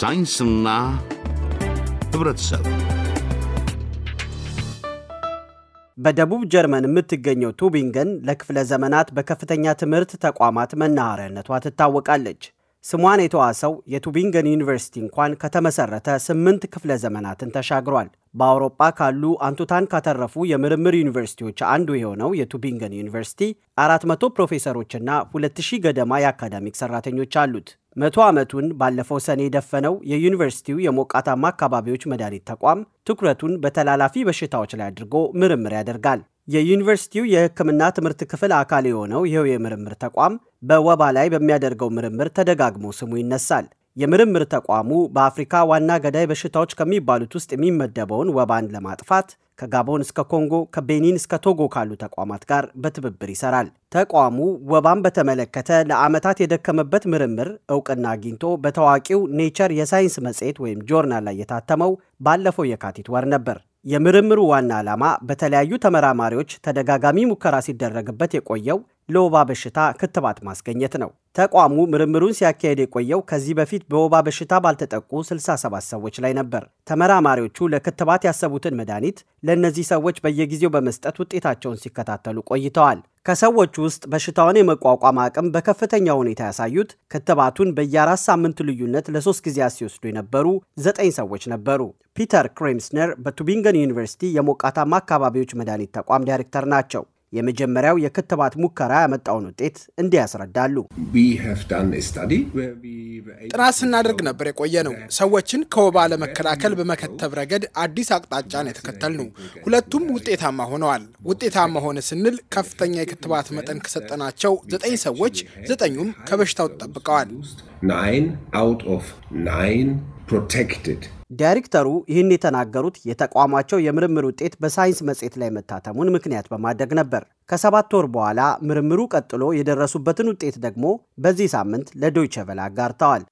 ሳይንስና ህብረተሰብ በደቡብ ጀርመን የምትገኘው ቱቢንገን ለክፍለ ዘመናት በከፍተኛ ትምህርት ተቋማት መናኸሪያነቷ ትታወቃለች። ስሟን የተዋሰው የቱቢንገን ዩኒቨርሲቲ እንኳን ከተመሠረተ ስምንት ክፍለ ዘመናትን ተሻግሯል። በአውሮፓ ካሉ አንቱታን ካተረፉ የምርምር ዩኒቨርሲቲዎች አንዱ የሆነው የቱቢንገን ዩኒቨርሲቲ 400 ፕሮፌሰሮችና 2000 ገደማ የአካዳሚክ ሰራተኞች አሉት። መቶ ዓመቱን ባለፈው ሰኔ የደፈነው የዩኒቨርሲቲው የሞቃታማ አካባቢዎች መድኃኒት ተቋም ትኩረቱን በተላላፊ በሽታዎች ላይ አድርጎ ምርምር ያደርጋል። የዩኒቨርሲቲው የሕክምና ትምህርት ክፍል አካል የሆነው ይኸው የምርምር ተቋም በወባ ላይ በሚያደርገው ምርምር ተደጋግሞ ስሙ ይነሳል። የምርምር ተቋሙ በአፍሪካ ዋና ገዳይ በሽታዎች ከሚባሉት ውስጥ የሚመደበውን ወባን ለማጥፋት ከጋቦን እስከ ኮንጎ ከቤኒን እስከ ቶጎ ካሉ ተቋማት ጋር በትብብር ይሰራል። ተቋሙ ወባን በተመለከተ ለዓመታት የደከመበት ምርምር እውቅና አግኝቶ በታዋቂው ኔቸር የሳይንስ መጽሔት ወይም ጆርናል ላይ የታተመው ባለፈው የካቲት ወር ነበር። የምርምሩ ዋና ዓላማ በተለያዩ ተመራማሪዎች ተደጋጋሚ ሙከራ ሲደረግበት የቆየው ለወባ በሽታ ክትባት ማስገኘት ነው። ተቋሙ ምርምሩን ሲያካሄድ የቆየው ከዚህ በፊት በወባ በሽታ ባልተጠቁ 67 ሰዎች ላይ ነበር። ተመራማሪዎቹ ለክትባት ያሰቡትን መድኃኒት ለእነዚህ ሰዎች በየጊዜው በመስጠት ውጤታቸውን ሲከታተሉ ቆይተዋል። ከሰዎች ውስጥ በሽታውን የመቋቋም አቅም በከፍተኛ ሁኔታ ያሳዩት ክትባቱን በየአራት ሳምንት ልዩነት ለሶስት ጊዜያት ሲወስዱ የነበሩ ዘጠኝ ሰዎች ነበሩ። ፒተር ክሬምስነር በቱቢንገን ዩኒቨርሲቲ የሞቃታማ አካባቢዎች መድኃኒት ተቋም ዳይሬክተር ናቸው። የመጀመሪያው የክትባት ሙከራ ያመጣውን ውጤት እንዲህ ያስረዳሉ። ጥናት ስናደርግ ነበር የቆየ ነው። ሰዎችን ከወባ ለመከላከል በመከተብ ረገድ አዲስ አቅጣጫን የተከተል ነው። ሁለቱም ውጤታማ ሆነዋል። ውጤታማ ሆነ ስንል ከፍተኛ የክትባት መጠን ከሰጠናቸው ዘጠኝ ሰዎች ዘጠኙም ከበሽታው ተጠብቀዋል። ናይን አውት ኦፍ ናይን ፕሮቴክትድ ዳይሬክተሩ ይህን የተናገሩት የተቋማቸው የምርምር ውጤት በሳይንስ መጽሔት ላይ መታተሙን ምክንያት በማድረግ ነበር። ከሰባት ወር በኋላ ምርምሩ ቀጥሎ የደረሱበትን ውጤት ደግሞ በዚህ ሳምንት ለዶይቸ ቬለ አጋርተዋል።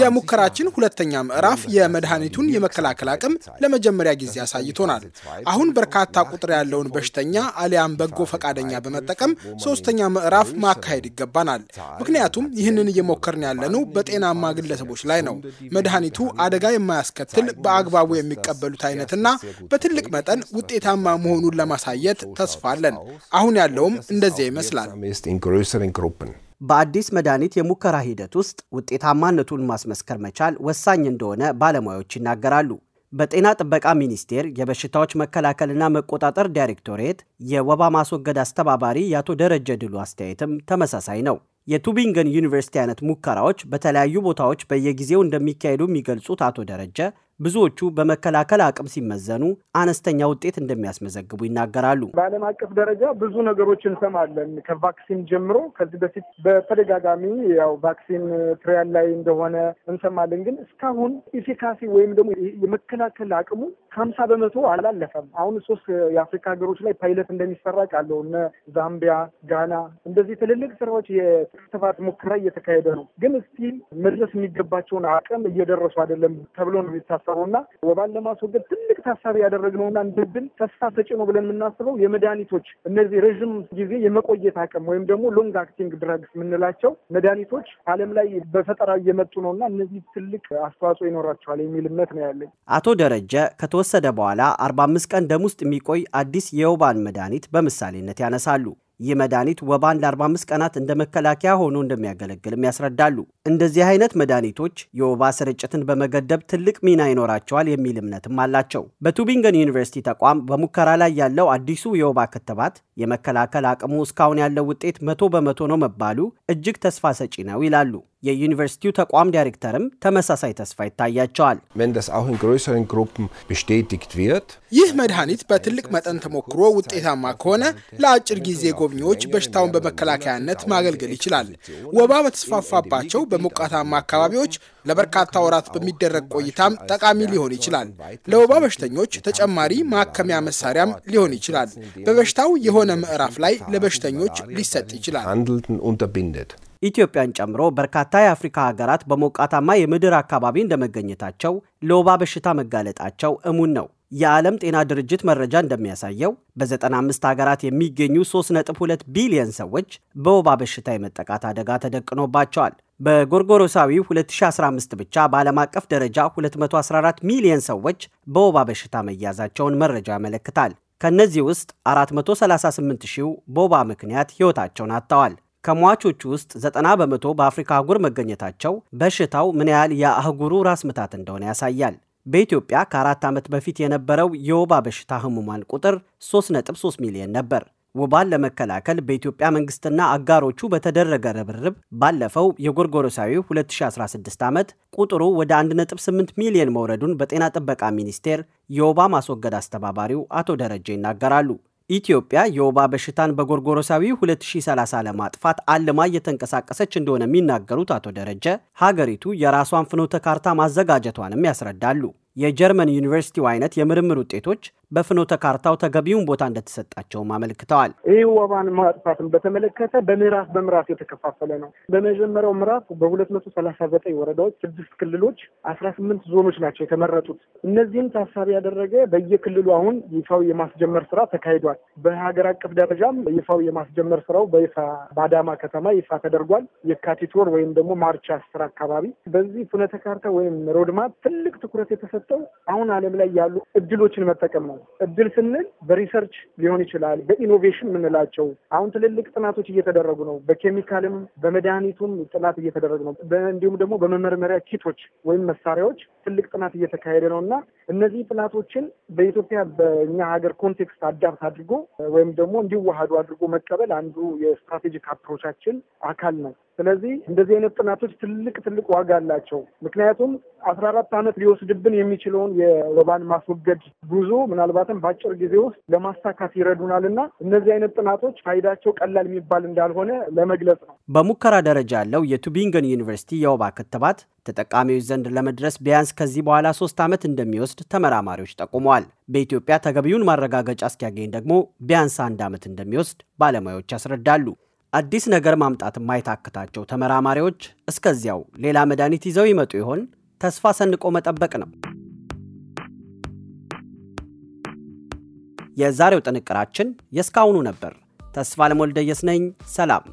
የሙከራችን ሁለተኛ ምዕራፍ የመድኃኒቱን የመከላከል አቅም ለመጀመሪያ ጊዜ አሳይቶናል። አሁን በርካታ ቁጥር ያለውን በሽተኛ አሊያም በጎ ፈቃደኛ በመጠቀም ሶስተኛ ምዕራፍ ማካሄድ ይገባናል። ምክንያቱም ይህንን እየሞከርን ያለነው በጤናማ ግለሰቦች ላይ ነው። መድኃኒቱ አደጋ የማያስከትል በአግባቡ የሚቀበሉት አይነትና በትልቅ መጠን ውጤታማ መሆኑን ለማሳየት ተስፋ አለን። አሁን ያለውም እንደዚያ ይመስላል። በአዲስ መድኃኒት የሙከራ ሂደት ውስጥ ውጤታማነቱን ማስመስከር መቻል ወሳኝ እንደሆነ ባለሙያዎች ይናገራሉ። በጤና ጥበቃ ሚኒስቴር የበሽታዎች መከላከልና መቆጣጠር ዳይሬክቶሬት የወባ ማስወገድ አስተባባሪ የአቶ ደረጀ ድሉ አስተያየትም ተመሳሳይ ነው። የቱቢንገን ዩኒቨርሲቲ አይነት ሙከራዎች በተለያዩ ቦታዎች በየጊዜው እንደሚካሄዱ የሚገልጹት አቶ ደረጀ ብዙዎቹ በመከላከል አቅም ሲመዘኑ አነስተኛ ውጤት እንደሚያስመዘግቡ ይናገራሉ። በዓለም አቀፍ ደረጃ ብዙ ነገሮች እንሰማለን። ከቫክሲን ጀምሮ ከዚህ በፊት በተደጋጋሚ ያው ቫክሲን ትሪያል ላይ እንደሆነ እንሰማለን። ግን እስካሁን ኢፊካሲ ወይም ደግሞ የመከላከል አቅሙ ከሀምሳ በመቶ አላለፈም። አሁን ሶስት የአፍሪካ ሀገሮች ላይ ፓይለት እንደሚሰራ ቃለው እነ ዛምቢያ፣ ጋና እንደዚህ ትልልቅ ስራዎች ክትባት ሙከራ እየተካሄደ ነው። ግን እስቲ መድረስ የሚገባቸውን አቅም እየደረሱ አይደለም ተብሎ ነው የሚታሰበው እና ወባን ለማስወገድ ትልቅ ታሳቢ ያደረግነው እና እንደ ድል ተስፋ ሰጪ ነው ብለን የምናስበው የመድኃኒቶች እነዚህ ረዥም ጊዜ የመቆየት አቅም ወይም ደግሞ ሎንግ አክቲንግ ድረግስ የምንላቸው መድኃኒቶች ዓለም ላይ በፈጠራ እየመጡ ነው እና እነዚህ ትልቅ አስተዋጽኦ ይኖራቸዋል የሚል እምነት ነው ያለኝ። አቶ ደረጀ ከተወሰደ በኋላ አርባ አምስት ቀን ደም ውስጥ የሚቆይ አዲስ የወባን መድኃኒት በምሳሌነት ያነሳሉ። ይህ መድኃኒት ወባን ለ45 ቀናት እንደ መከላከያ ሆኖ እንደሚያገለግልም ያስረዳሉ። እንደዚህ አይነት መድኃኒቶች የወባ ስርጭትን በመገደብ ትልቅ ሚና ይኖራቸዋል የሚል እምነትም አላቸው። በቱቢንገን ዩኒቨርሲቲ ተቋም በሙከራ ላይ ያለው አዲሱ የወባ ክትባት የመከላከል አቅሙ እስካሁን ያለው ውጤት መቶ በመቶ ነው መባሉ እጅግ ተስፋ ሰጪ ነው ይላሉ። የዩኒቨርሲቲው ተቋም ዳይሬክተርም ተመሳሳይ ተስፋ ይታያቸዋል። ይህ መድኃኒት በትልቅ መጠን ተሞክሮ ውጤታማ ከሆነ ለአጭር ጊዜ ጎብኚዎች በሽታውን በመከላከያነት ማገልገል ይችላል። ወባ በተስፋፋባቸው በሞቃታማ አካባቢዎች ለበርካታ ወራት በሚደረግ ቆይታም ጠቃሚ ሊሆን ይችላል። ለወባ በሽተኞች ተጨማሪ ማከሚያ መሳሪያም ሊሆን ይችላል። በበሽታው የሆነ በሆነ ምዕራፍ ላይ ለበሽተኞች ሊሰጥ ይችላል። ኢትዮጵያን ጨምሮ በርካታ የአፍሪካ ሀገራት በሞቃታማ የምድር አካባቢ እንደመገኘታቸው ለወባ በሽታ መጋለጣቸው እሙን ነው። የዓለም ጤና ድርጅት መረጃ እንደሚያሳየው በ95 ሀገራት የሚገኙ 3.2 ቢሊዮን ሰዎች በወባ በሽታ የመጠቃት አደጋ ተደቅኖባቸዋል። በጎርጎሮሳዊ 2015 ብቻ በዓለም አቀፍ ደረጃ 214 ሚሊዮን ሰዎች በወባ በሽታ መያዛቸውን መረጃ ያመለክታል። ከእነዚህ ውስጥ 438 ሺው በወባ ምክንያት ሕይወታቸውን አጥተዋል። ከሟቾቹ ውስጥ 90 በመቶ በአፍሪካ አህጉር መገኘታቸው በሽታው ምን ያህል የአህጉሩ ራስ ምታት እንደሆነ ያሳያል። በኢትዮጵያ ከአራት ዓመት በፊት የነበረው የወባ በሽታ ህሙማን ቁጥር 3.3 ሚሊዮን ነበር። ወባን ለመከላከል በኢትዮጵያ መንግስትና አጋሮቹ በተደረገ ርብርብ ባለፈው የጎርጎሮሳዊ 2016 ዓመት ቁጥሩ ወደ 1.8 ሚሊዮን መውረዱን በጤና ጥበቃ ሚኒስቴር የወባ ማስወገድ አስተባባሪው አቶ ደረጀ ይናገራሉ። ኢትዮጵያ የወባ በሽታን በጎርጎሮሳዊ 2030 ለማጥፋት አልማ እየተንቀሳቀሰች እንደሆነ የሚናገሩት አቶ ደረጀ ሀገሪቱ የራሷን ፍኖተ ካርታ ማዘጋጀቷንም ያስረዳሉ። የጀርመን ዩኒቨርሲቲው አይነት የምርምር ውጤቶች በፍኖተ ካርታው ተገቢውን ቦታ እንደተሰጣቸውም አመልክተዋል። ይህ ወባን ማጥፋትን በተመለከተ በምዕራፍ በምዕራፍ የተከፋፈለ ነው። በመጀመሪያው ምዕራፍ በሁለት መቶ ሰላሳ ዘጠኝ ወረዳዎች፣ ስድስት ክልሎች፣ አስራ ስምንት ዞኖች ናቸው የተመረጡት። እነዚህም ታሳቢ ያደረገ በየክልሉ አሁን ይፋዊ የማስጀመር ስራ ተካሂዷል። በሀገር አቀፍ ደረጃም ይፋዊ የማስጀመር ስራው በይፋ በአዳማ ከተማ ይፋ ተደርጓል። የካቲት ወር ወይም ደግሞ ማርች አስር አካባቢ በዚህ ፍኖተ ካርታ ወይም ሮድማፕ ትልቅ ትኩረት የተሰጠው አሁን ዓለም ላይ ያሉ እድሎችን መጠቀም ነው። ነው። እድል ስንል በሪሰርች ሊሆን ይችላል፣ በኢኖቬሽን የምንላቸው አሁን ትልልቅ ጥናቶች እየተደረጉ ነው። በኬሚካልም በመድኃኒቱም ጥናት እየተደረጉ ነው። እንዲሁም ደግሞ በመመርመሪያ ኪቶች ወይም መሳሪያዎች ትልቅ ጥናት እየተካሄደ ነው እና እነዚህ ጥናቶችን በኢትዮጵያ በእኛ ሀገር ኮንቴክስት አዳፕት አድርጎ ወይም ደግሞ እንዲዋሃዱ አድርጎ መቀበል አንዱ የስትራቴጂክ አፕሮቻችን አካል ነው። ስለዚህ እንደዚህ አይነት ጥናቶች ትልቅ ትልቅ ዋጋ አላቸው። ምክንያቱም አስራ አራት ዓመት ሊወስድብን የሚችለውን የወባን ማስወገድ ጉዞ ምና ምናልባትም በአጭር ጊዜ ውስጥ ለማሳካት ይረዱናል እና እነዚህ አይነት ጥናቶች ፋይዳቸው ቀላል የሚባል እንዳልሆነ ለመግለጽ ነው። በሙከራ ደረጃ ያለው የቱቢንገን ዩኒቨርሲቲ የወባ ክትባት ተጠቃሚዎች ዘንድ ለመድረስ ቢያንስ ከዚህ በኋላ ሶስት ዓመት እንደሚወስድ ተመራማሪዎች ጠቁመዋል። በኢትዮጵያ ተገቢውን ማረጋገጫ እስኪያገኝ ደግሞ ቢያንስ አንድ ዓመት እንደሚወስድ ባለሙያዎች ያስረዳሉ። አዲስ ነገር ማምጣት የማይታክታቸው ተመራማሪዎች እስከዚያው ሌላ መድኃኒት ይዘው ይመጡ ይሆን? ተስፋ ሰንቆ መጠበቅ ነው። የዛሬው ጥንቅራችን የእስካሁኑ ነበር። ተስፋ ለሞልደየስ ነኝ። ሰላም